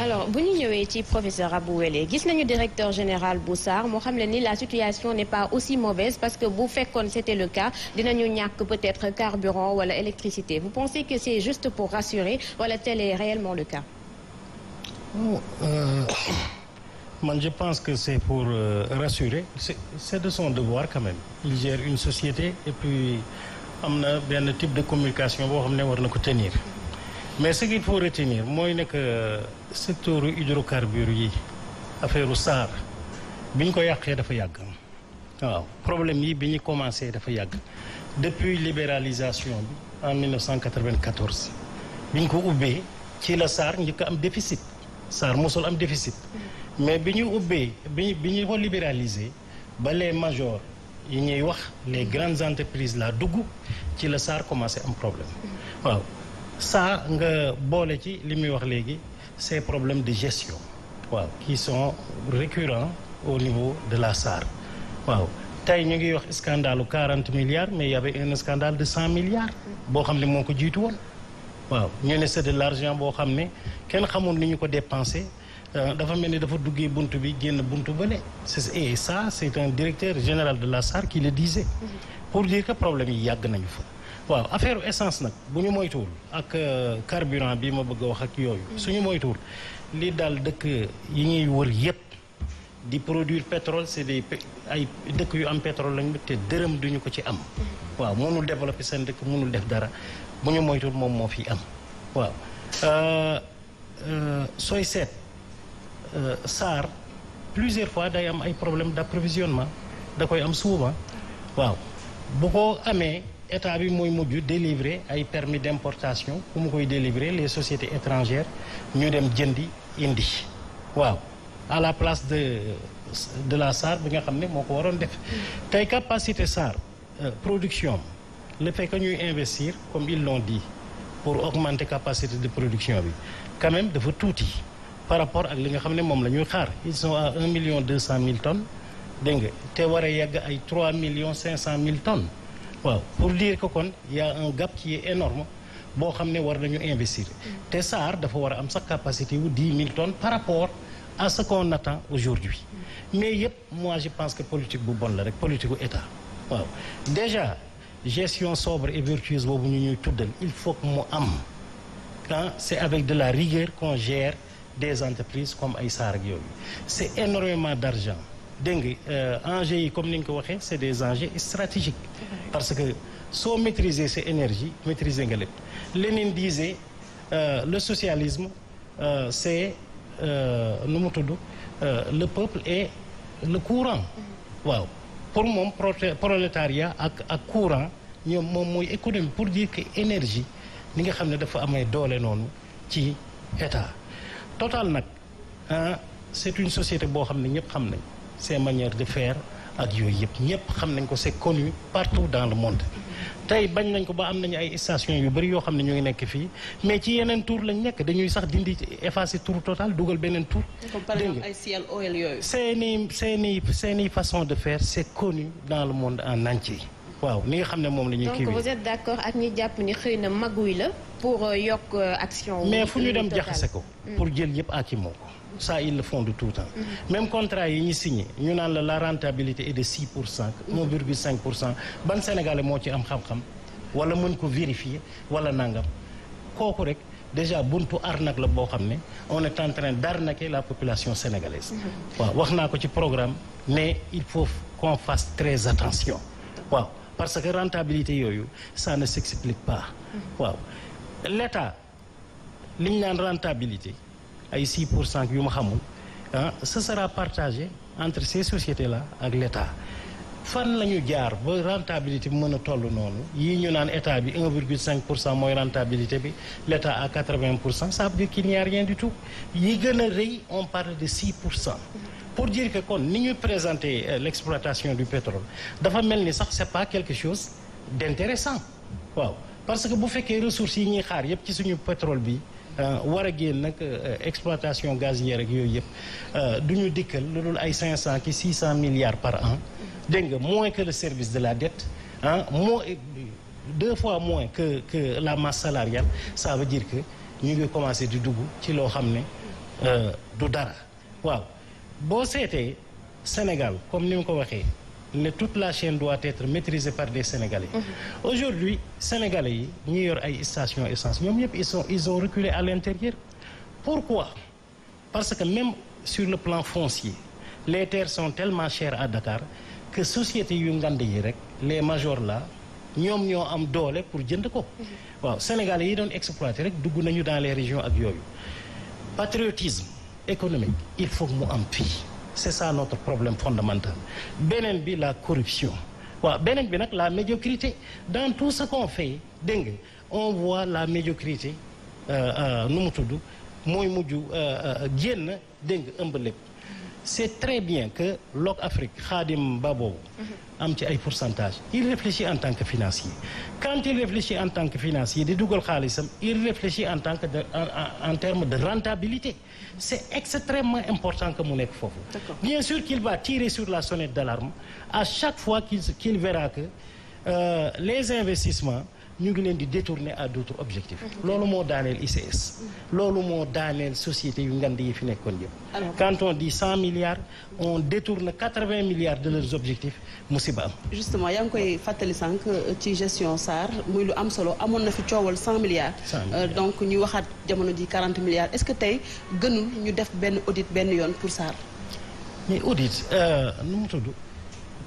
alors vous professeur Abou gis directeur général Boussard. SAR la situation n'est pas aussi mauvaise parce que vous faites comme c'était le cas dinañu que peut-être carburant ou l'électricité. vous pensez que c'est juste pour rassurer voilà tel est réellement le cas euh, je pense que c'est pour euh, rassurer. C'est de son devoir quand même. Il gère une société et puis il y a un type de communication pour tenir mais ce qu'il faut retenir mooy nekk euh, secteur hydrocarbure yi affaire SAR biñ ko yàqee dafa yàgg waaw problème yi biñ ñu commencé dafa yàgg depuis libéralisation bi en 1994 biñ ko ubbee ci la SAR njëkk am déficit SAR mosul am déficit mais biñu ñu ubbee bi ko libéraliser ba les majors yi ñuy wax les grandes entreprises la dugg ci la SAR commencé am problème waaw ça nga boole ci ces problèmes de gestion waaw qui sont récurrents au niveau de la SAR waaw y ñu ngi wax scandale de 40 milliards mais il y avait un scandale de 100 milliards n'y xamné pas jitu won waaw ñu de l'argent mais xamné ne xamul ni ñu ko dépensé euh, dafa melni dafa duggé buntu bi génn et ça c'est un directeur général de la SAR qui le disait mm-hmm. pour dire que problème yi yàgg nañu fa waaw affaire essence nag bu ñu moytuwul ak euh, carburant bi ma bëgg a wax ak yooyu suñu moytuwul lii daal dëkk yi ñuy wër yépp di produire pétrole c'est des ay dëkk yu am pétrole lañu te dërëm duñu ko ci am waaw mënul développer seen dëkk mënul def dara bu ñu moytuwul moom moo fi am waaw euh, euh, sooy seet SAR plusieurs fois day am ay problème d'approvisionnement da koy am souvent waaw bu ko amee état bi moy muju délivrer ay permis d'importation pour délivrer les sociétés étrangères ñu dem jëndi indi waaw à la place de de la SAR bi nga xamné nous waron def capacité SAR euh, production le fait que ñuy investir comme ils l'ont dit pour augmenter capacité de production bi quand même dafa touti par rapport à li nga xamné mom xaar ils sont à un million deux tonnes dengue té te yegg millions cinq tonnes waaw pour dire que kon y a un gap qui est énorme boo xam ne war nañu investir te dafa war a am sa capacité wu 10 000 tonnes par rapport à ce qu'on attend aujourd'hui mais moi je pense que politique bu bonne, la politique est état waaw déjà gestion sobre et vertueuse ñu ñuy il faut que nous am quand c'est avec de la rigueur qu'on gère des entreprises comme ay SAR c'est énormément d'argent les euh, enjeux yi comme ni nga ko des enjeux stratégiques parce que so maîtriser ces énergies, maîtriser nga lépp Lénine disait euh, le socialisme euh, c'est euh, le peuple et le courant waaw pour mon prolétariat ak ak courant ñom mom moy économie pour dire que énergie ni nga xamné dafa amé doole non, ci état Total nak hein, c'est une société bo xamné ñepp ñëpp ces manières de faire ak yooyu yëpp ñëpp xam nañ ko c'est connu partout dans le monde tey bañ nañ ko ba am nañu ay station yu bëri yoo xam ne ñu ngi nekk fii mais ci yeneen tour lañ nekk dañuy sax dindi effacer tour total dugal beneen tour seeni seeni seeni façon de faire c'est connu dans le monde en entier waaw ni nga xam ne moom la ñuy kii donc vous êtes d'accord ak ñi jàpp ni xëy na maguy la pour euh, yokk euh, action mais fu ñu dem jaxase ko hmm. pour jël yëpp ak ko ça ils le font de tout temps. Mhm. même contrat ils signent. signé ñu la rentabilité est de 6 pour cent 1,5 mhm. pour ban Sénégalais moo ci am xam-xam wala vérifier ko vérifier wala nangam déjà on est en train d'arnaquer la population sénégalaise. on a un programme mais il faut qu'on fasse très attention mhm. parce que rentabilité ça ne s'explique pas l'État l'union de rentabilité à 6 ah, ce sera partagé entre ces sociétés là ak l'État fan la regarde jaar ba rentabilité bi mën a toll noonu yii ñu 1,5 pour rentabilité l'État à 80 ça veut dire qu'il n'y a rien du tout yi on parle de 6 pour dire que kon ni ñuy présenter euh, l' du pétrole dafa mel sax c' pas quelque chose d'intéressant. intéressant waaw parce que bu fekkee ressources yi ñuy xaar yépp ci suñu pétrole bi. Euh, war euh, exploitation gazière ak yooyu yëpp euh, du ñu 500 ki 600 milliards par an dégg moins que le service de la dette hein, deux fois moins que la masse salariale ça veut dire que nous ngi commencé du dugg qui loo xam ne du dara waaw boo Sénégal comme nous mu ko toute la chaîne doit être maîtrisée par des Sénégalais. Mhm. Aujourd'hui, Sénégalais, New York a une station essence. Ils, ils ont reculé à l'intérieur. Pourquoi Parce que même sur le plan foncier, les terres sont tellement chères à Dakar que société Yungandé, les majors là, ils ont am pour jënd mhm. sénégalais ils ont exploité les terres dans les régions avec patriotisme économique il faut nous en fii c'est ça notre problème fondamental Benen la corruption la médiocrité dans tout ce qu'on fait on voit la médiocrité nous nous tous, moi nous, c'est très bien que l'Oc Afrique, Khadim Babo, mhm. a un pourcentage il réfléchit en tant que financier quand il réfléchit en tant que financier de il réfléchit en tant que en, termes de rentabilité c'est extrêmement important que Mounek fofu. bien sûr qu'il va tirer sur la sonnette d'alarme à chaque fois qu'il verra que euh, les investissements nous avons détourner à d'autres objectifs. C'est ce qui donné l'ICS. C'est ce qui donné la société Quand on dit 100 milliards, on détourne 80 milliards de leurs objectifs. Justement, il y a un peu gestion SAR. Il y a 100 milliards. Euh, donc, nous avons dit 40 milliards. Est-ce que nous devons fait un audit pour SAR Mais audit, euh, nous avons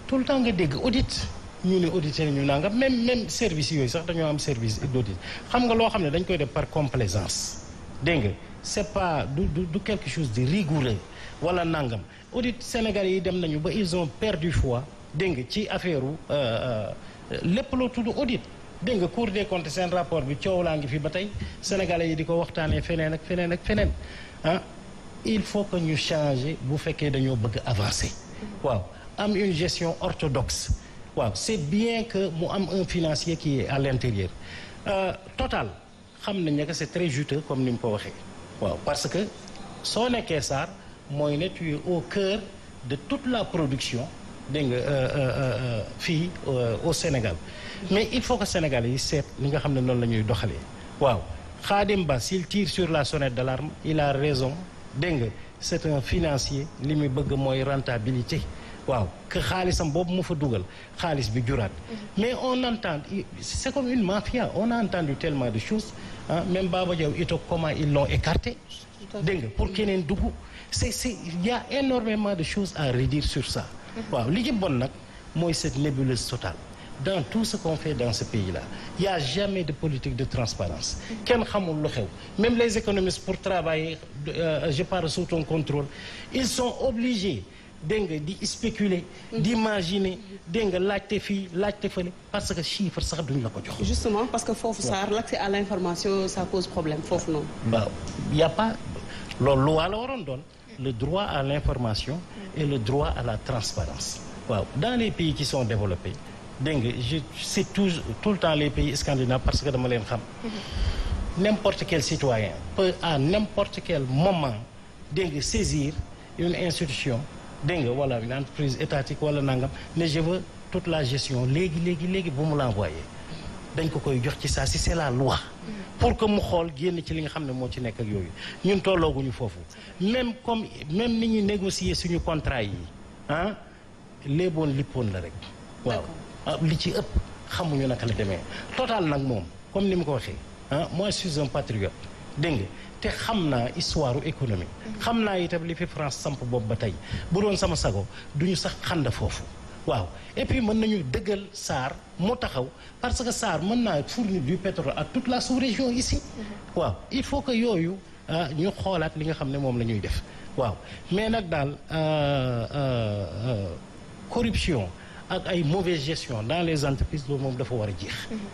tout le temps dit audit ñu ne auditeurs yi ñu nangam même même service yoy sax dañu am service d'audit xam nga lo xam ne dañ koy def par complaisance dégg c'est pas du du quelque chose de rigoureux wala nangam audit sénégalais yi dem nañu ba ils ont perdu foi dégg nga ci affaire euh, euh, lépp loo tudd audit. dégg nga Cour des comptes seen rapport bi coow laa ngi fi batay sénégalais yi diko waxtane fenen ak fenen ak fenen hein ah, il faut que ñu changer bu fekkee dañu bëgg avancer waaw am une gestion orthodoxe c'est bien que y am un financier qui est à l'intérieur euh, Total je sais c'est très juteux comme nous pouvons ko Wow, parce que son équestre, SAR au cœur de toute la production euh, euh, au Sénégal mais il faut que Sénégal Sénégalais sait, li nga xam ne noonu Khadim s'il tire sur la sonnette d'alarme il a raison c'est un financier qui veut bëgg rentabilité que mu fa mhm. mais on entend c'est comme une mafia on a entendu tellement de choses hein. même Baba comment ils l'ont écarté dégg pour c'est il y a énormément de choses à redire sur ça mhm. waaw li ci bon c'est cette nébuleuse totale dans tout ce qu'on fait dans ce pays-là il y a jamais de politique de transparence mhm. même les économistes pour travailler euh, je parle sous ton contrôle ils sont obligés D'y spéculer. d'imaginer, d'y dégg fi folle, parce que chiffre sax duñ la ko justement parce que fofu l'accès à l'information ça pose problème il non waaw y a pas loolu loi on la le droit à l'information et le droit à la transparence dans les pays qui sont développés Dengue, je c'est tout le temps les pays scandinaves parce que dama les xam n'importe quel citoyen peut à n'importe quel moment saisir une institution dégg nga wala une entreprise étatique wala nangam mais je veux toute la gestion légui légui légui bu mu la dañ ko koy jox ci ça si c'est la loi pour que mu xol génn ci li nga xamné mo ci nek ak yoyu ñun tologuñu fofu même comme même ni ñi négocier suñu contrat yi hein les léeboon lipone la rek waaw ah, li ci ëpp xamuñu naka la demee total nak mom comme ni mu ko waxé hein moi je suis un patriote dégg te xam naa histoire économie xam naa itam li fi France samp boobu ba tey bu doon sama sago du ñu sax xanda foofu waaw et puis mën nañu dëggal SAR moo taxaw parce que SAR mën naa fournir du pétrole ak toute la sous-région ici waaw il faut que yooyu ah, ñu xoolaat li nga xam ne moom la ñuy def waaw mais nag daal euh, euh, euh, corruption ak ay mauvaise gestion dans les entreprises loolu moom dafa war a jeex. Mhm.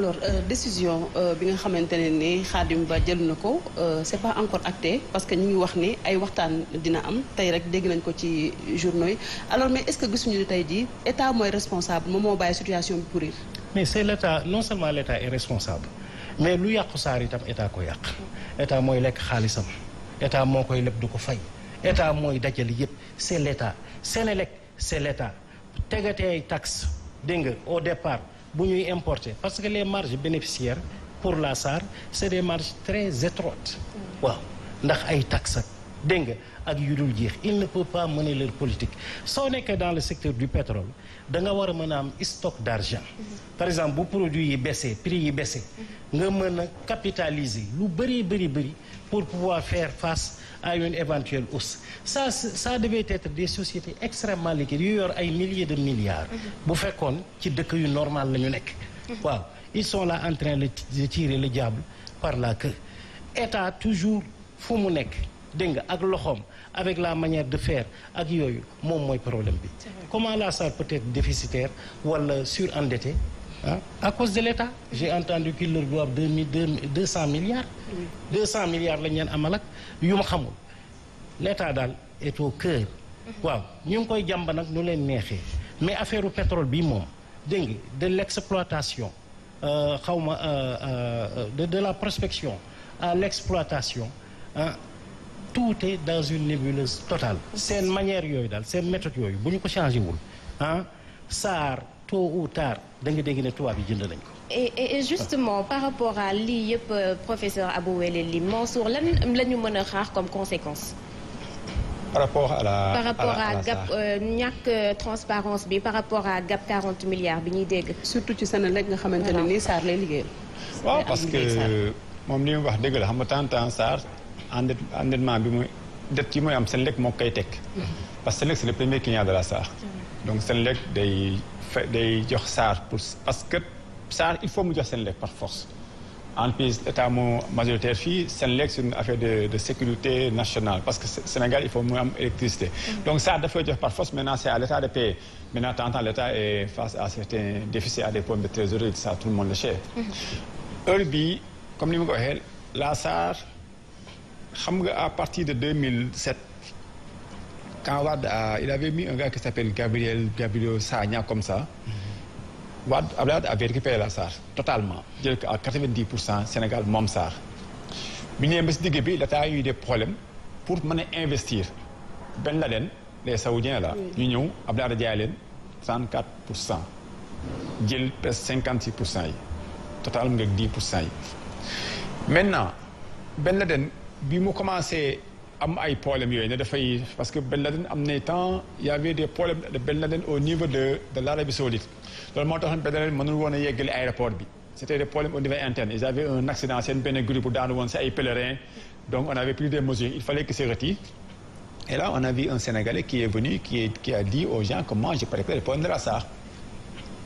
alors euh, décision euh, bi nga xamante ne ni Khadim Ba jël na ko euh, c'est pas encore acté parce que ñu ngi wax ne ay waxtaan dina am tey rek dégg nañ ko ci journaux yi alors mais est-ce que gisuñu ne tey jii état mooy responsable moom moo bàyyi situation bi pourrir. mais c'est l'état non seulement l'état est responsable mais lu yàqu saar itam état ko yàq état mooy lekk xaalisam état moo koy leb du ko fay état mooy dajale yëpp c'est l'état Sénélec c'est l'état. Il ay taxes dégg au départ bu importer parce que les marges bénéficiaires pour la SAR c'est des marges très étroites waaw ndax ay taxes il ne peut pas mener leur politique soo nekkee dans le secteur du pétrole da nga a stock d'argent par exemple bu produit yi baissé prix yi baissé nga a capitaliser lu pour pouvoir faire face à une éventuelle hausse. Ça, ça devait être des sociétés extrêmement liquides y eu des milliers de milliards. vous mhm. faites ci yu normal mhm. ils sont là en train de tirer le diable par la queue. état toujours fou mon avec la manière de faire ak problème comment la ça peut être déficitaire sur surendetté. Ah. À cause de l'État, j'ai entendu qu'il leur doivent 200 milliards. 200 milliards, l'État est au cœur. waaw ñu ngi koy jàmba nag mais affaire pétrole bi de l'exploitation, euh, euh, euh, de de la prospection à l'exploitation, hein, tout est dans une nébuleuse totale. C'est une manière c'est une méthode yooyu bu ko ah SAR tôt ou da nga dégg ne tubaab yi jënd nañ ko. Et, et, justement par rapport à lii yëpp euh, professeur Abou Ly Mansour lan la ñu mën a xaar comme conséquence. par rapport à la par rapport à gap euh, ñàkk euh, transparence bi par rapport à gap 40 milliards bi ñuy dégg. surtout ci Senelec nga xamante ne nii Sarr lay liggéeyal. waaw parce que moom li mu wax dëgg la xam nga temps temps Sarr endettement bi muy dette yi muy am Senelec moo koy teg. Mm-hmm. parce que Senelec c'est le premier client de la SAR, mm-hmm. donc Senelec day des day jox parce que ça il faut mu jox lek par force en plus état moo majoritaire sen lek c'est une affaire de sécurité nationale parce que Sénégal il faut mu am électricité mm-hmm. donc ça daf fait jox par force maintenant c'est à l'état de pays maintenant tant l'état est face à certains déficits à des points de trésorerie ça tout le monde le sait mm-hmm. heure comme ni le ko la SAR xam à partir de 2007 quand ah, il avait mis un gars qui s'appelle Gabriel, Gabriel Sagna comme ça, mm avait récupéré la SAR totalement. À 90%, Sénégal, même SAR. y a eu des problèmes pour investir. Ben Laden, les Saoudiens là, oui. nous, dit Adjaïlen, 34%. a presque 56%. Totalement 10%. Maintenant, Ben Laden, il a commencé am ay dafay parce que Ben Laden am y avait des problèmes de Ben au niveau de de l'Arabie saoudite bi c'était des problèmes au niveau interne ils avaient un accident c'est un groupe pour woon ay pèlerins donc on avait plus de mesures il fallait que se retire et là on a vu un Sénégalais qui est venu qui est, qui a dit aux gens comment j'ai je prépare le problème hum. de la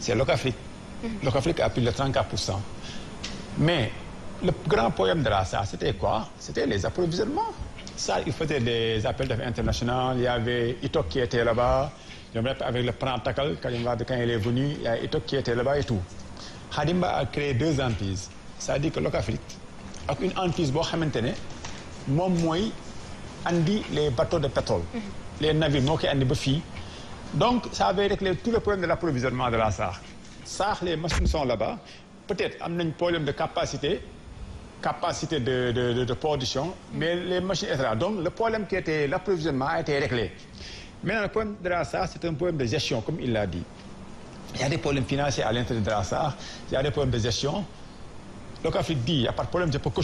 c'est l'Afrique. L'Afrique a pris le 34 mais le grand problème de la c'était quoi c'était les approvisionnements ça, il faisait des appels d'affaires internationaux. Il y avait Itok qui était là-bas. Je me avec le Prantakal, quand il est venu, il y a Itok qui était là-bas et tout. Hadimba a créé deux entités ça à dire que l'Ocafrique, avec une emprise, moom a andi les bateaux de pétrole. Mhm. les navires moo qui andi ba donc ça avait réglé tous les problèmes de l'approvisionnement de la SAR. SAR les machines sont là-bas peut-être a un problème de capacité capacité de, de, de, de production, mais les machines, etc. Donc le problème qui était l'approvisionnement a été réglé. Maintenant, le problème de Drassar, c'est un problème de gestion, comme il l'a dit. Il y a des problèmes financiers à l'intérieur de Drassar, il y a des problèmes de gestion. Le L'Ocafrique dit, il n'y a pas de problème, de peux pour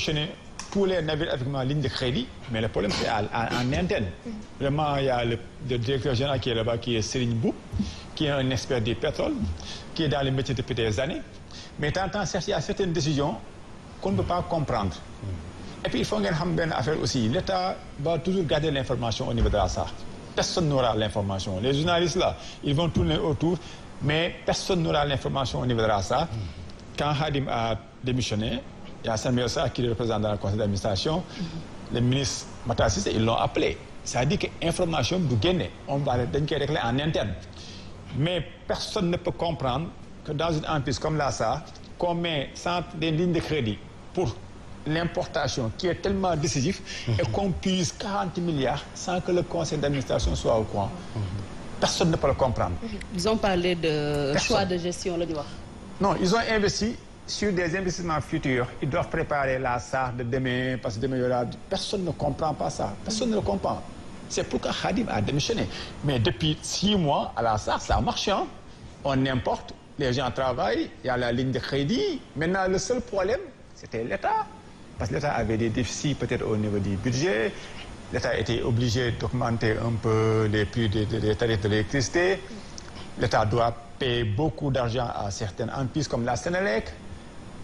tous les navires avec ma ligne de crédit, mais le problème c'est en interne. Vraiment, il y a le, directeur général qui est là-bas, qui est Céline Bou, qui est un expert du pétrole, qui est dans le métier depuis des années. Mais tant, tant, il y a certaines décisions qu'on ne peut pas comprendre. Et puis il faut qu'on xam une affaire aussi l'État va toujours garder l'information au niveau de la sa Personne n'aura l'information. Les journalistes là, ils vont tourner autour, mais personne n'aura l'information au niveau de la sa Quand Hadim a démissionné, il y a Samuel Sa, qui le représentant dans le conseil d'administration, les ministres ils l'ont appelé. Ça dit que information du on va le en interne. Mais personne ne peut comprendre que dans une entreprise comme la ça, qu'on met sans des lignes de crédit pour l'importation qui est tellement décisif mhm. et qu'on puise 40 milliards sans que le conseil d'administration soit au courant. Mhm. Personne ne peut le comprendre. Mhm. Ils ont parlé de choix de gestion, le droit. Non, ils ont investi sur des investissements futurs. Ils doivent préparer la SAR de demain, parce que demain, il y aura... Personne ne comprend pas ça. Personne ne le comprend. C'est pourquoi Khadim a démissionné. Mais depuis six mois, à la SAR, ça marche. Hein? On importe, les gens travaillent, il y a la ligne de crédit. Maintenant, le seul problème, c'était l'État. Parce que l'État avait des déficits peut-être au niveau du budget. L'État était obligé d'augmenter un peu les prix des, tarifs de l'électricité. L'État doit payer beaucoup d'argent à certaines entreprises comme la Sénélec.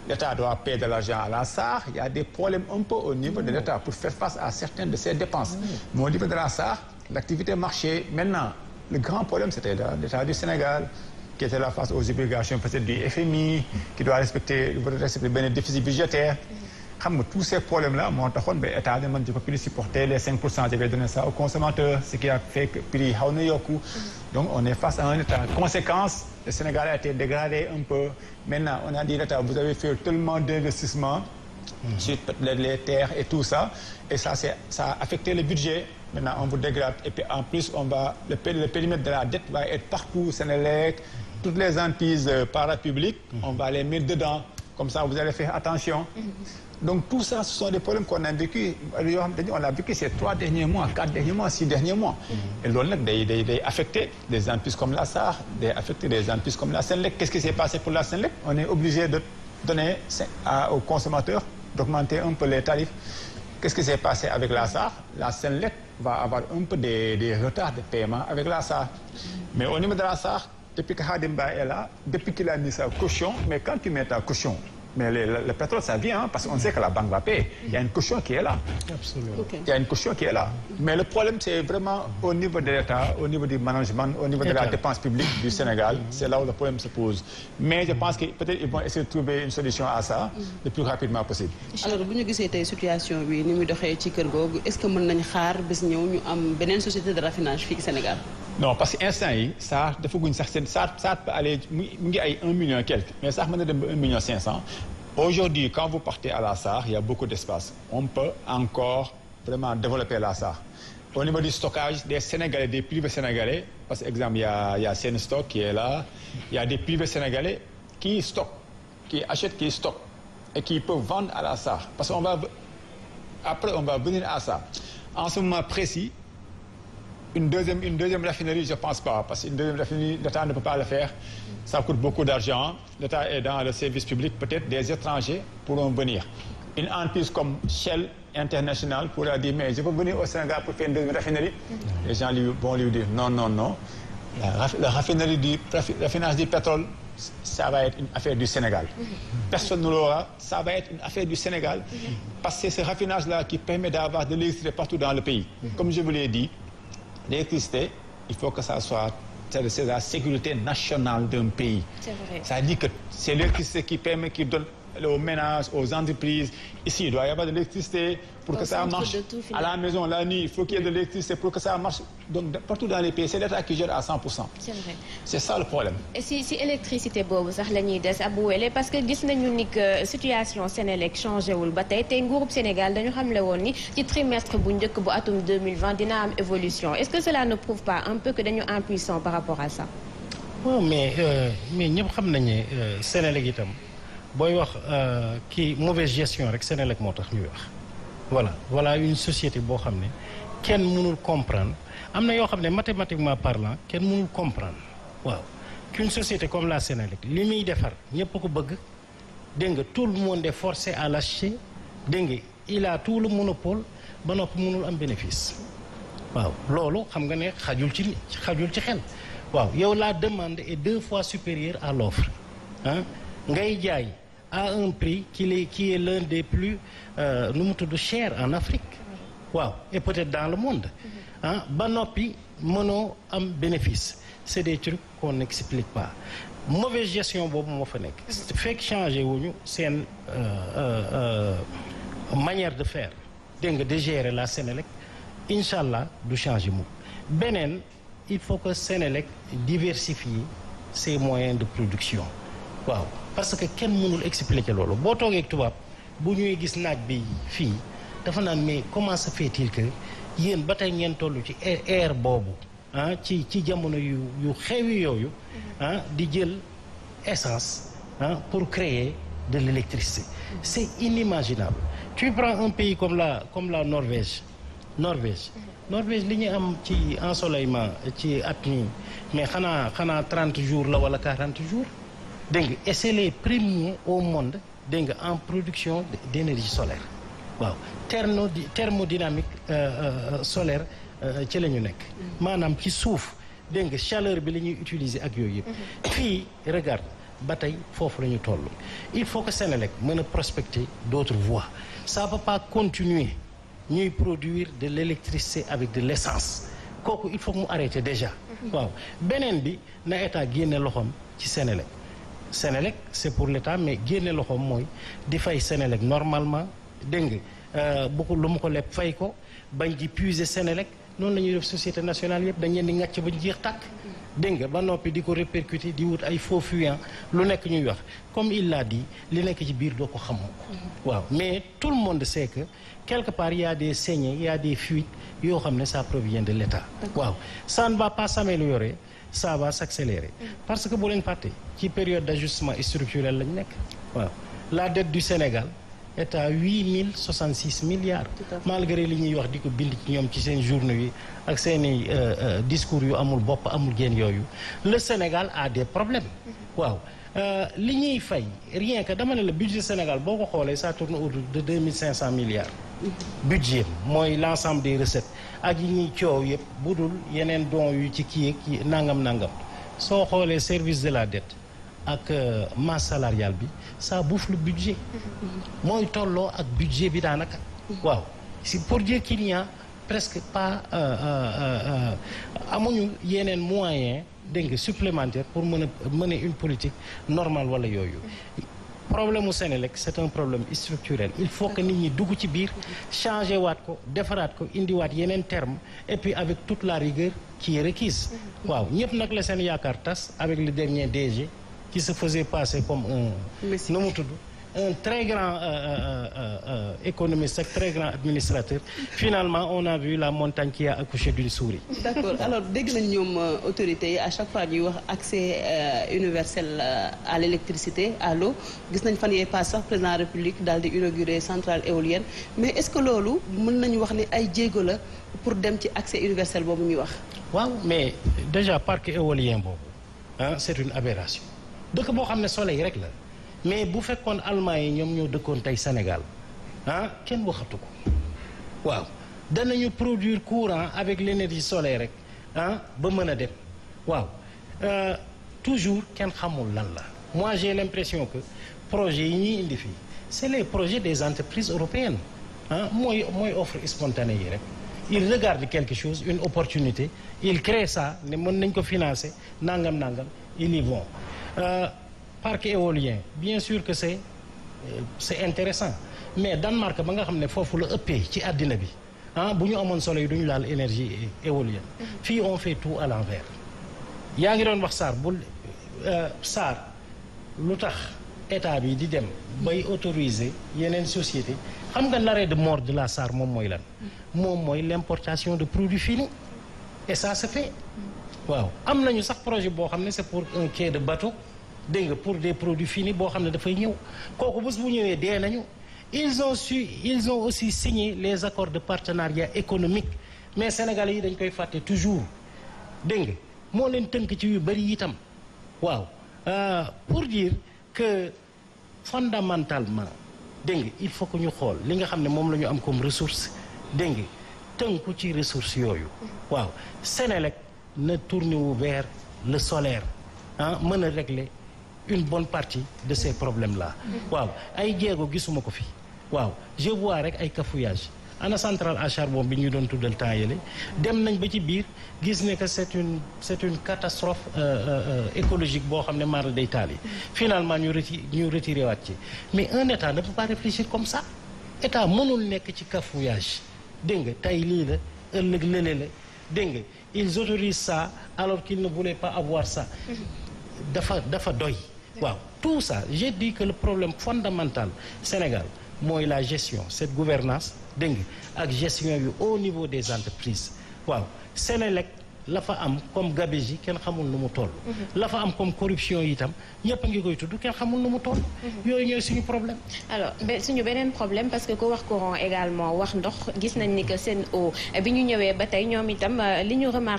L'État doit payer de l'argent à la SAR. Il y a des problèmes un peu au niveau de l'État pour faire face à certaines de ces dépenses. Mais au niveau de la SAR, l'activité marchait. Maintenant, le grand problème, c'était l'État du Sénégal qui était là face aux obligations du FMI, qui doit respecter, respecter le déficit budgétaire. tous ces problèmes-là l'État ne ba plus supporter les 5 j'avais donné ça aux consommateurs ce qui a fait que prix a donc on est face à un état conséquence le Sénégal a été dégradé un peu maintenant on a dit l'état vous avez fait tellement d'investissements les, terres et tout ça et ça ça a affecté le budget maintenant on vous dégrade et puis en plus on va le, le périmètre de la dette va être partout Sénégal toutes les la euh, parapubliques, mhm. on va les mettre dedans. Comme ça, vous allez faire attention. Mhm. Donc tout ça, ce sont des problèmes qu'on a vécu. On l'a vécu ces trois derniers mois, quatre derniers mois, six derniers mois. Mhm. Et l'on a affecté des entreprises comme la SAR, des affecté des comme la SENLEC. Qu'est-ce qui s'est passé pour la SENLEC On est obligé de donner aux consommateurs d'augmenter un peu les tarifs. Qu'est-ce qui s'est passé avec la SAR La SENLEC va avoir un peu des retards de paiement avec la SAR. Mais au niveau de la SAR, depuis que Hadimba est là, depuis qu'il a mis sa caution, mais quand tu mets ta cochon, mais le, pétrole, ça vient, hein, parce qu'on sait que la banque va payer. Il y a une caution qui est là. Absolument. Il y a une caution qui est là. Mais le problème, c'est vraiment au niveau de l'État, au niveau du management, au niveau de la dépense publique du Sénégal. C'est là où le problème se pose. Mais je pense que peut-être vont essayer de trouver une solution à ça le plus rapidement possible. Alors, vous avez une situation, est-ce que nous avons une société de raffinage fixe au Sénégal non parce que l'instant, ça, ça peut aller à 1 ay un million quelque mais ça, peut aller 1 million 500. aujourd'hui quand vous partez à la SAR il y a beaucoup d'espace on peut encore vraiment développer la SAR au niveau du stockage des Sénégalais des privés sénégalais parce que exemple il y a il qui est là il y a des privés sénégalais qui stockent qui achètent qui stockent et qui peuvent vendre à la SAR parce qu'on va après on va venir à ça en ce moment précis une deuxième, raffinerie, je ne pense pas, parce qu'une deuxième raffinerie, l'État ne peut pas le faire. Ça coûte beaucoup d'argent. L'État est dans le service public, peut-être des étrangers pourront venir. Une entreprise comme Shell International pourra dire, mais je peux venir au Sénégal pour faire une deuxième raffinerie. Les gens vont lui dire, non, non, non. La, raffinerie du, raffinage du pétrole, ça va être une affaire du Sénégal. Personne ne l'aura, ça va être une affaire du Sénégal. Parce que c'est ce raffinage-là qui permet d'avoir de l'électricité partout dans le pays. Comme je vous l'ai dit, l'électricité, il faut que ça soit c'est la sécurité nationale d'un pays. C'est vrai. Ça dit que c'est l'électricité qui permet, qui donne aux ménages, aux entreprises. Ici, il doit y avoir de l'électricité pour que ça marche. à la maison, la nuit, il faut qu'il y ait de l'électricité pour que ça marche. Donc, partout dans les pays, c'est l'État qui gère à 100%. C'est vrai. C'est ça le problème. Et si, si l'électricité, Bob, ça, la nuit, parce que nous avons que situation a changé Il le bataille, un groupe Sénégal, nous avons dit que trimestre que 2020, une évolution. Est-ce que cela ne prouve pas un peu que nous sommes impuissants par rapport à ça? Oui, mais, nous savons que le est boy wax euh, ki mauvaise gestion rek Senelec moo tax ñuy wax voilà voilà une société bo xamné ne kenn mënul comprendre amna yo xamné mathématiquement parlant kenn mënul comprendre waaw qu'une société comme la Senelec li muy defar ñëpp ko bëgg dégg nga tout le monde est forcé à lâcher. dégg nga il a tout le monopole ba noppi mënul am bénéfice waaw loolu xam nga ne xajul ci xajul ci xel waaw yow la demande est deux fois supérieure à l'offre ah ngay jaay à un prix qui est, qui est l'un des plus euh, nous cher en Afrique et peut-être dans le monde Banopi, mono, un bénéfice c'est des trucs qu'on n'explique pas mauvaise gestion mm-hmm. c'est une euh, fa euh, euh, manière de faire Donc, de gérer la Sénélec Inch'Allah, nous changer il faut que Sénélec diversifie ses moyens de production waouh parce que kenn mënul expliquer loolu boo toogee tubaab bu ñuy gis naaj bi fii dafa naan mais comment se fait-il que yéen ba tey ngeen toll ci air boobu ah ci ci jamono yu yu xewi yooyu mhm. ah di jël essence ah pour créer de l'électricité mhm. c'est inimaginable tu prends un pays comme la comme la Norvège Norvège mhm. Norvège li ñu am ci ensoleillement ci at mi mais xanaa xanaa 30 jours la wala 40 jours et c'est les premiers au monde en production d'énergie solaire waaw thermodynamique euh, euh, solaire euh, c'est la ñu nekk maanaam ci suuf dégg chaleur bi la utilisons. utiliser ak mhm. regarde la bataille, il faut que Sénélec prospecte prospecter d'autres voies ça ne peut pas continuer ñuy produire de l'électricité avec de l'essence il faut nous arrêter déjà mhm. waaw beneen bi na état génne loxoom ci Sénélec Sénélec c'est pour l'État mais génne loxoom mooy di fay Sénélec normalement dégg nga euh, bu ko lu mu ko leb fay ko bañ di puiser Sénélec noonu la ñuy def société nationale yëpp dañ leen di ngàcc bañ jeex tàkk dégg nga ba noppi di ko répercuter di wut ay faux fuyants lu nekk ñuy wax comme il l'a dit li nekk ci biir doo ko xam. Mm-hmm. waaw mais tout le monde sait que quelque part il y a des saignées il y a des fuites ça provient de l'État ça ne va pas s'améliorer ça va s'accélérer mm-hmm. parce que pour une fàtte ci période d'ajustement structurel la dette du Sénégal est à 8066 066 milliards malgré les lignes, wax ont dit, que ci ñoom ci seen journaux yi ak seeni euh, euh, discours le Sénégal a des problèmes mm-hmm. waaw Euh, ñuy fay rien que le budget du Sénégal est ça tourne autour de 2 500 milliards budget moy l'ensemble des recettes ak yi ñuy coow yëpp bu yeneen don yu ci kii ak nangam nangam soo xoolee service de la dette ak euh, masse salariale bi ça bouffe le budget mooy tolloo ak budget bi daanaka waaw si pour dire qu'il n'y a presque pas euh, euh, amuñu yeneen moyen dégg supplémentaire pour mën mener une politique normale wala yooyu problème au Sénélec c'est un problème structurel il faut que nous, ñi dugg changer biir changé ko terme et puis avec toute la rigueur qui est requise Nous, mhm. avons nag le Sénélec à tas avec le dernier DG qui se faisait passer comme un un très grand euh, euh, euh, économiste, un très grand administrateur, finalement, on a vu la montagne qui a accouché d'une souris. D'accord. Alors, dès que nous autorité, à chaque fois, nous avons accès universel à l'électricité, à l'eau. Nous avons fait le président de la République a inauguré une centrale éolienne. Mais est-ce que l'eau, nous avons dit que nous pour dem accès universel pour l'eau wax. mais déjà parc éolien hein, c'est une aberration Donc, nous avons ne soleil rek mais bu fekkone allemand yi ñoom ñoo dekkone tay Sénégal hein? Ah, ken waxatu ko waaw danañu produire courant avec l'énergie solaire rek ah ba mëna dem waaw euh, toujours ken xamul lan la moi j'ai l'impression que projets yi ñi indi fi c'est les projets des entreprises européennes ah, Moi, moy moy offre spontanée yi rek il regarde quelque chose une opportunité il crée ça ne mën nañ ko financer nangam nangam ils y vont euh, parc éolien bien sûr que c'est euh, c'est intéressant mais Danemark ba nga il faut le la qui ci à bi hein. soleil laal énergie éolienne Si mhm. on fait tout à l'envers y y a wax Sarr bu euh, Sarr lu tax état bi di dem bay autoriser une société xam nga l'arrêt de mort de la sar, mon y lan l'importation de produits finis et ça se fait mhm. waaw am nañu sax projet c'est pour un quai de bateau dégg pour des produits finis bo xam da fay ñëw koku bés bu ñewé dé nañu ils ont su ils ont aussi signé les accords de partenariat économique mais Sénégalais yi dañ koy faté toujours dégg mo leen teunk ci yu bari itam waaw euh, pour dire que fondamentalement dégg il faut que ñu xol li nga xam mom lañu am comme ressource dégg nga ci ressource yoyu waaw Sénélec ne tourner vers le solaire hein, mën régler une bonne partie de ces problèmes-là. waaw ay jéego gisuma je vois avec ay cafouillage ana centrale à charbon bi ñu tout le temps yele. dem nañ ba ci biir gis que c'est une c'est une catastrophe euh, euh, euh, écologique boo xam ne mara day finalement ñu reti ñu retiré mais un état ne peut pas réfléchir comme ça état mënul nekk ci cafouillage dégg nga tey la le ils autorisent ça alors qu'ils ne voulaient pas avoir ça mmh. dafa dafa doy tout ça j'ai dit que le problème fondamental Sénégal moi, la gestion cette gouvernance dingue, la gestion au niveau des entreprises c'est Sénélec la fa comme Gabéji, qui xamul mhm. la fa comme corruption itam ngi koy mhm. problème. alors ben, suñu problème parce que ko courant également wax ndox gis nañ ni que sen eau bi ñu ba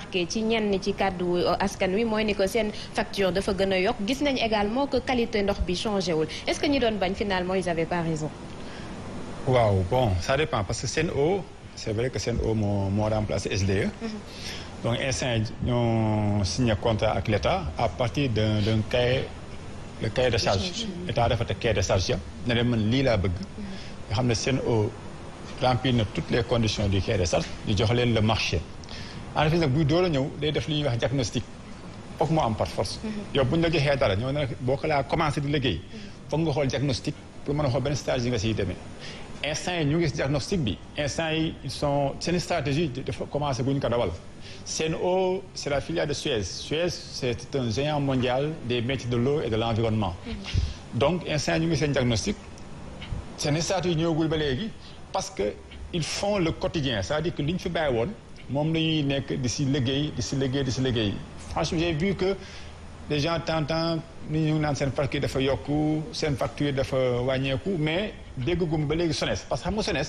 que facture dafa également que qualité ndox bi changé est-ce que ñi doon finalement ils pas raison. waaw bon ça dépend parce que Sen eau. C'est vrai que c'est un remplacé SDE. Mm-hmm. donc e, signé contrat avec l'État à partir d'un cahier le cahier de charge. a fait un cahier de charge Nous mm-hmm. avons toutes les conditions du cahier de charge le marché. en fait nous avons a diagnostic par force. Mm-hmm. nous commencé diagnostic pour a stage instant yi ñu ngi diagnostic bi instant ils sont c'est une stratégie de commencer buñ ko dawal CNO c'est la filiale de Suez Suez c'est un géant mondial des métiers de l'eau et de l'environnement mm-hmm. donc instant yi ñu ngi seen diagnostic une stratégie ñëwagul ba légui parce que ils font le quotidien c'est-à-dire que liñ fi bàyyi woon mom lañuy nekk di si liggéey di si liggéey di liggéey franchement j'ai vu que les gens tentent ni ñu ngi sen facture dafa yokku sen facture dafa wañéku mais ba SONES parce que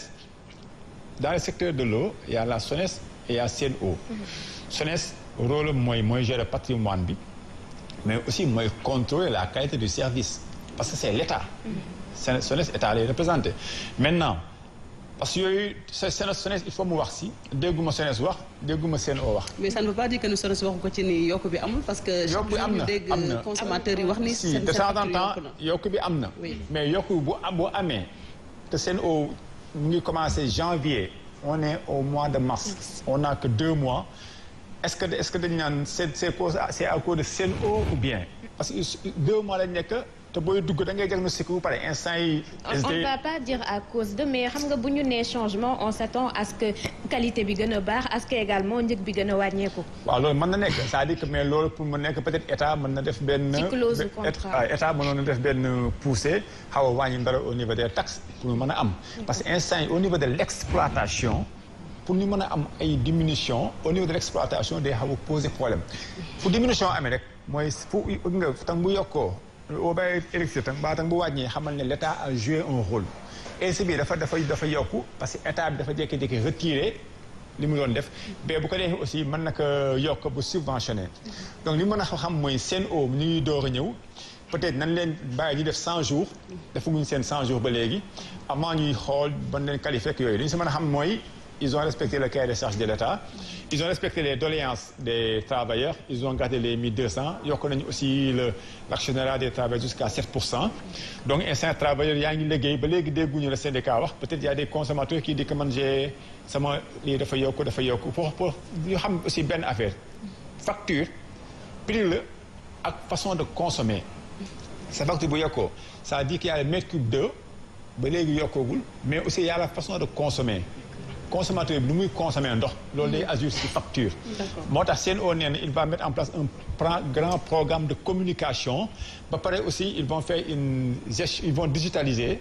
dans le secteur de l'eau il y a la SONES et il y a le mm-hmm. SONES rôle moy moy gérer patrimoine bi mais aussi moy contrôler la qualité du service parce que c'est l'État. Mm-hmm. SONES État les représenter maintenant parce que yooyu seen senes il faut me voir si dégguma senes deux dégguma seen oo wax. mais ça ne veut pas dire que nous sommes sur ko ci ni yokk bi parce que. je suis un na am na consommateur yi wax si de temps en temps yokk bi mais des consommateurs am bu amee te seen oo commencé janvier on est au mois de mars. on n'a que deux mois est-ce que est-ce que c'est à cause de seen ou bien parce que deux mois il a que te booy dugg da ngay diagnostic bu pare instant yi. on ne va pas dire à cause de mais xam nga bu ñu nee changement on s'attend à ce que qualité bi gën baax à ce que également njëg bi gën a wàññeeku. waaw loolu mën na nekk c'est-à-dire que mais loolu pour mu nekk peut-être état mën na def benn. ci clause contrat état mënoon na def benn poussée xaw a dara au niveau des taxes pour ñu mën am. Mm-hmm. parce que instant yi au niveau de l'exploitation. pour ñu mën a am ay diminution au niveau de l'exploitation day xaw poser problème pour diminution amee rek mooy fu nga tam bu yokkoo. au bay électricité tam mbaa tam bu wàññee xamal ne l' état a joué un rôle ainsi dafa dafa dafa yokku parce que état bi dafa jékki-jékki retiré li muy doon def mais bu ko defee aussi man na ko yokk bu subventionné donc li mën a xam mooy seen o ñu ngi door a ñëw peut-être nan leen bàyyi ñu def 100 jours defaguñ seen 100 jours ba léegi avant ñuy xool ban leen qualifié ak yooyu li ñu si mën a xam mooy Ils ont respecté le cahier de charges de l'État. Ils ont respecté les doléances des travailleurs. Ils ont gardé les 1200. Ils ont connu aussi l'actionnariat des travailleurs jusqu'à 7%. Donc, un travailleur, il y a une légui, le syndicat. Peut-être qu'il y a des consommateurs qui disent que ça sama lii dafa Yoko, dafa faire pour pour ñu xam aussi affaire facture prix la ak façon de consommer Ça facture bu Yoko. ça dit qu'il y a le mètre cube d'eau, ba mais aussi il y a la façon de consommer consommateur nous consommons muy consommer ndox loolu day mm-hmm. facture moo tax il va mettre en place un grand programme de communication Par pareil aussi ils vont faire une ils vont digitaliser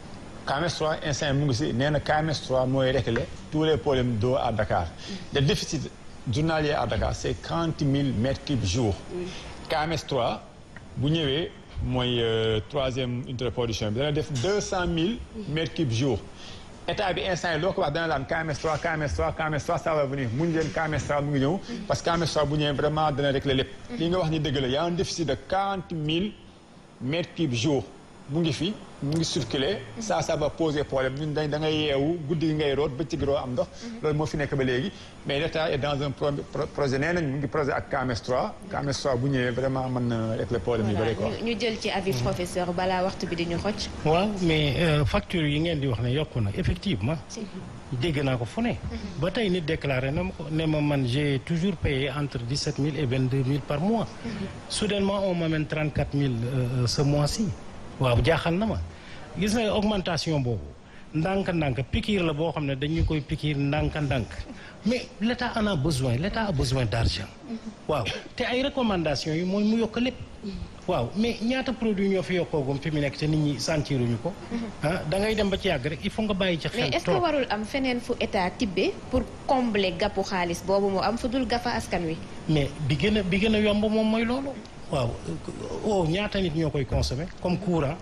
KMS3 instant mu ngi si nee na régler tous les problèmes d'eau à Dakar le déficit journalier à Dakar c'est 40 000 mètres cubes jour KMS3 bu ñëwee mooy euh, troisième unité de production 200 000 mètres cubes jour Et bi instant yi loo ko wax dana daan KMS3 KMS3 KMS3 ça va venir muñ leen KMS3 mm-hmm. parce que KMS3 bu vraiment dana régler les mm-hmm. y a un déficit de 40 000 mètres cubes jour mu fi mu ngi circuler ça ça va poser problème ñun dañ da ngay yeewu guddi road, ngay root bëccëg roo am ndox mhm. loolu moo fi nekk ba léegi mais l'état est dans un projet nee nañ mu projet ak KMS 3 KMS 3 bu vraiment mën na régler problème yi bëri quoi ñu jël ci avis professeur bala waxtu bi dañu xocc waaw mais euh, facture yi ngeen di wax ne yokku na effectivement dégg naa ko fu mhm. ba déclaré na ko ma man j'ai toujours payé entre 17 000 et 22 000 par mois mhm. soudainement on m'amène 34 000 euh, euh, ce mois-ci waaw jaaxal na ma gis nga augmentation boobu ndànk-ndànk pikiir la boo xam ne dañu koy pikiir ndànk-ndànk mais l' état en a besoin l' état a besoin d' argent waaw te ay recommandations yi mooy mu yokk lépp waaw mais ñaata produit ñoo fi yokkoogum fi mu nekk te nit ñi sentiruñu ko mm-hmm. ah da ngay dem ba ci yàgg rek il faut nga bàyyi ci xel mais est ce que warul am feneen fu état tibbe pour combler gàppu xaalis boobu moo am fu dul gafa askan wi mais bi gën a bi gën waaw o oh, ñaata nit ñoo koy consommer comme courant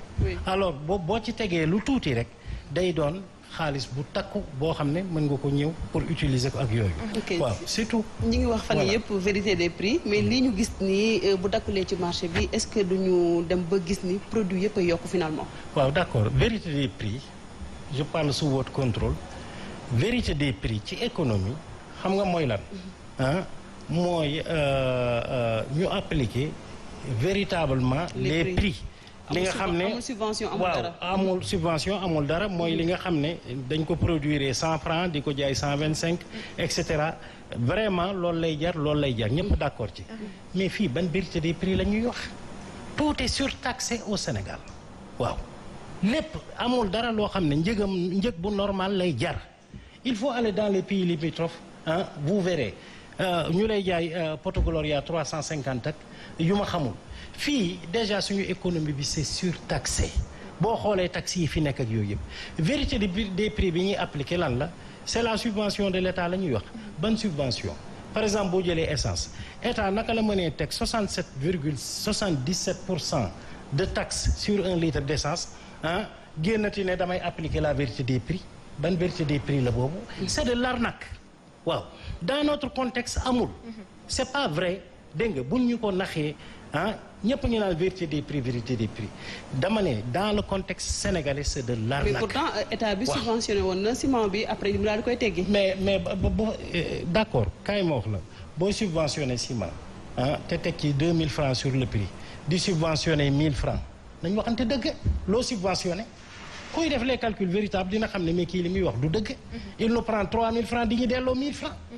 alors bo boo ci tegee lu tuuti rek day doon xaalis bu takku boo xam ne mën nga ko ñëw pour utiliser ko ak yooyu. Ah, waaw tout. ñi ngi wax fan yëpp vérité des prix. mais lii ñu gis ni euh, bu dakkulee ci marché bi est-ce que duñu dem ba gis ni produit yëpp a yokk finalement. waaw d'accord vérité des prix je parle sous votre contrôle vérité des prix ci économie xam nga mooy lan. ah mooy euh, euh, ñu appliquer véritablement les prix li nga xam ne waaw amul subvention amul dara mooy li nga xam ne dañ ko produire 100 francs di ko 125, etc. et cetera vraiment loolu lay jar pas d'accord mais fii ban vérité des prix la New York, tout est surtaxé au Sénégal waaw lépp amul dara loo xam ne njëgam njëg bu normal lay jar il faut aller dans les pays limitrophes hein, vous verrez euh, ñu lay jaay Porto Gloria 350 yuma xamul fii déjà suñu économie bi c'est surtaxé boo xoolee taxes yi fi nek ak yooyu vérité des prix bi ñi appliqué lan la c'est la subvention de l'État la ñuy wax Bonne subvention par exemple bo jëlé essence état naka la mënee tek 67 de taxe sur un litre d'essence hein gënati né damay appliquer la vérité des prix ban vérité des prix la bobu c'est de l'arnaque waaw dans notre contexte amul mm-hmm. c'est pas vrai dégg nga buñ ñu ko naxee ah ñëpp ñu naan vérité des prix vérité des prix dans le contexte sénégalais c'est de l'arnaque. mais pourtant euh, état bi subventionné woon ciment bi après mu daal koy teggi. mais mais ba ba euh, d'accord kaay ma wax la boo subventionné ciment ah te teg ci 2000 francs sur le prix di subventionné 1000 francs nañ waxante dëgg loo subventionné. kuy def les calculs véritables dina xam ne mais kii li muy wax du dëgg. Mhm. il nous prend 3000 francs di ñu delloo 1000 francs. Mhm.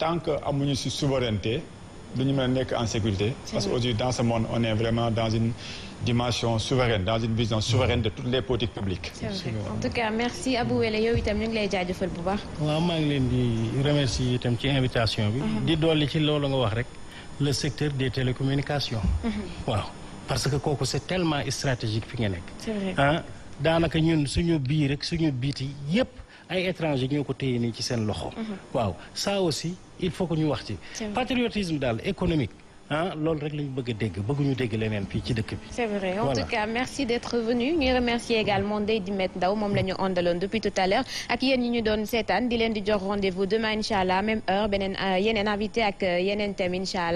tant que amuñu en souveraineté duñu sommes en sécurité parce que dans ce monde on est vraiment dans une dimension souveraine dans une vision souveraine de toutes les politiques publiques en tout cas merci Abou Wele yow vous, ñu ngi lay jaajëfal bu baax waaw maa Je leen di remercier itam ci invitation bi uh-huh. di le secteur des télécommunications uh-huh. waaw parce que Coco, c'est tellement stratégique fi nga nekk nous ah, daanaka ñun suñu biir rek suñu biiti yépp ay étrangers ñoo ko ci loxo uh-huh. ça aussi il faut que nous wax patriotisme dans économique ah, c'est vrai en tout cas merci d'être venu Je remercie également mm-hmm. Dédimette Daoum. Ndaw moom andalon. depuis tout à l'heure à qui nous donne cette année. di leen rendez-vous demain Inch'Allah, même heure Benen un euh, invité ak euh, yenen Tem Inch'Allah.